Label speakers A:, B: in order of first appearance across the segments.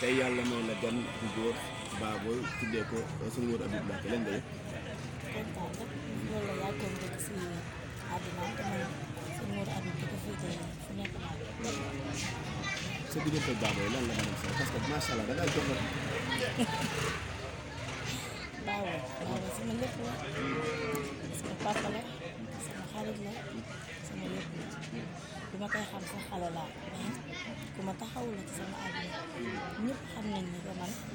A: tey yàlla may la gan bu góor baaboo tuddee ko euh, suñu wër Habib Mbacké leen day kontaan si àdduna te man suñu wër Habib di ko sa diggante baaboo lan la mën a parce que macha allah da ngaa jox la baaboo baaboo sama lépp la sama papa la sama xarit la sama lépp la ma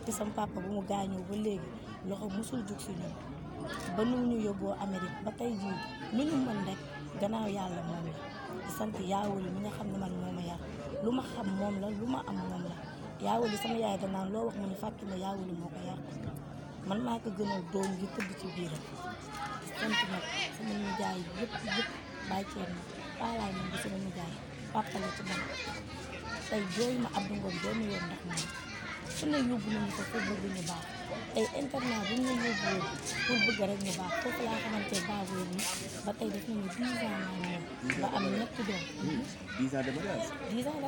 A: te sama papa bu mu gaañoo ba léegi loxo mosul jug si ñun ba nu ñu yóbboo Amérique ba tey jii lu ñu mën rek gannaaw yàlla moom la di sant yaawali mi nga xam ne man moo ma yar lu ma xam moom la lu ma am moom la yaawali sama yaay danaan loo wax mu ne fàkki na yaawali moo ko yar man maa ko gënal doom gi tëdd ci biiram di sant nag sama yëpp yëpp bàyyi ceen paalaay moom bi sama nijaay papa la ci man tey jooy ma Abdou Ngom yoon ndax moom fu ne yóbbu nañu ko pour bëgg ñu baax tey internat bi ñu yóbbu pour bëgg rek ñu baax foofu laa xamante baabu yi ba tey def nañu dix ans ba am ñetti doom dix de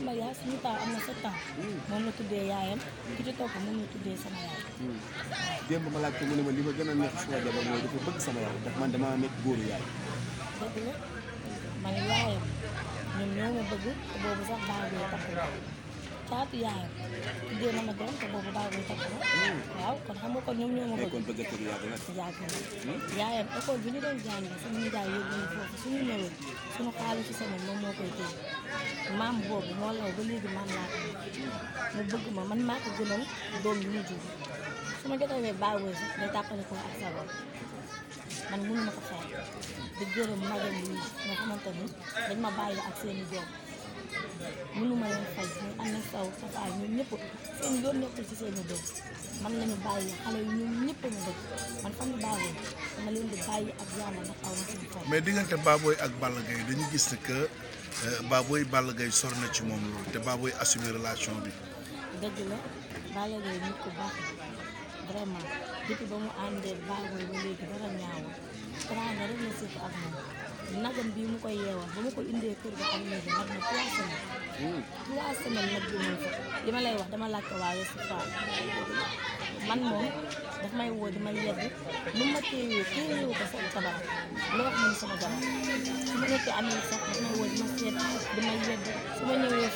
A: mariage dix ans tuddee yaayam ki ci topp moom la tuddee sama yaay démb ma laaj ko mu ne ma li ma gën a neex suma jabar mooy dafa bëgg sama yaay ndax man damaa nekk góoru yaay man yaayam ñoom ñoo ma bëgg te boobu sax baabu yi tax Fatou yaayam tuddee na ma doom te boobu daaw bi xam na hmm? yaayam école bi ñu doon jàng suñu ñu daay yóbbu ñu foofu suñu ñëwee suñu xaalisu semaine boobu moo law ba léegi maam laa ko mu bëgg ma man maa ko gënal doom yi ñu jur su ma jotawee baawee sax day tàppale ko ak sago man mënu ma ko fay di gërëm magam yi nga xamante ni dañ ma bàyyi ak seeni doom mënuma leen fay muy am na saw safaay ñun ñëpp seen yoon nekkul ci seen i doom man lañu bàyyi xale yi ñun ñëpp ñu dëkk man fan baaxee dama leen bàyyi ak yàlla ndax aw na suñu mais diggante gis ne que euh, Baboy Balla na ci moom loolu te Baboy assumé relation bi. dëgg la Balla Gaye nit ku baax ba mu àndee Baboy ba léegi dara ñaawul. rek la surtout ak moom. nagam bii mu koy yeewal ba ma ko indee kër ga am nañu mu fa li ma lay wax dama laajte waaye su man moom daf may woo di ma yedd nu ma téyee téyewu ko sama jabar lu wax man sama jabar su ma nekkee amee sax daf may woo di ma yedd su ma ñëwee